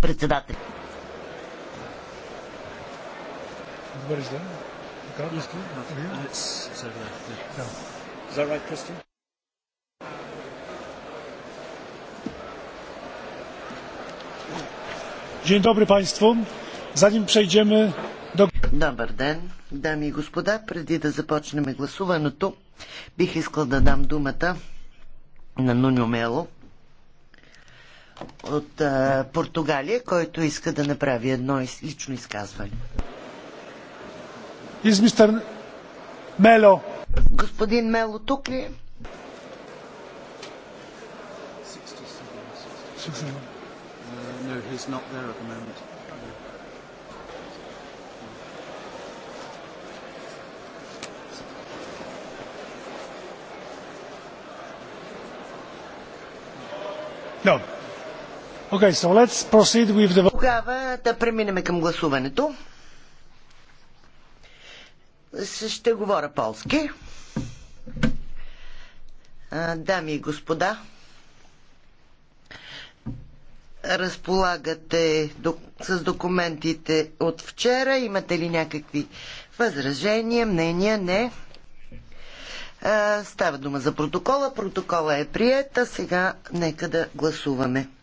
Председател. Dzień dobry Państwu. Zanim przejdziemy Добър ден, дами и господа. Преди да започнем гласуването, бих искал да дам думата на Нуньо Мело, от а, Португалия, който иска да направи едно лично изказване. Is мистер Мело. Господин Мело тук ли е? No. Okay, so let's proceed with the... Тогава да преминем към гласуването. Ще говоря полски. Дами и господа, разполагате с документите от вчера. Имате ли някакви възражения, мнения? Не. Става дума за протокола. Протокола е приета. Сега нека да гласуваме.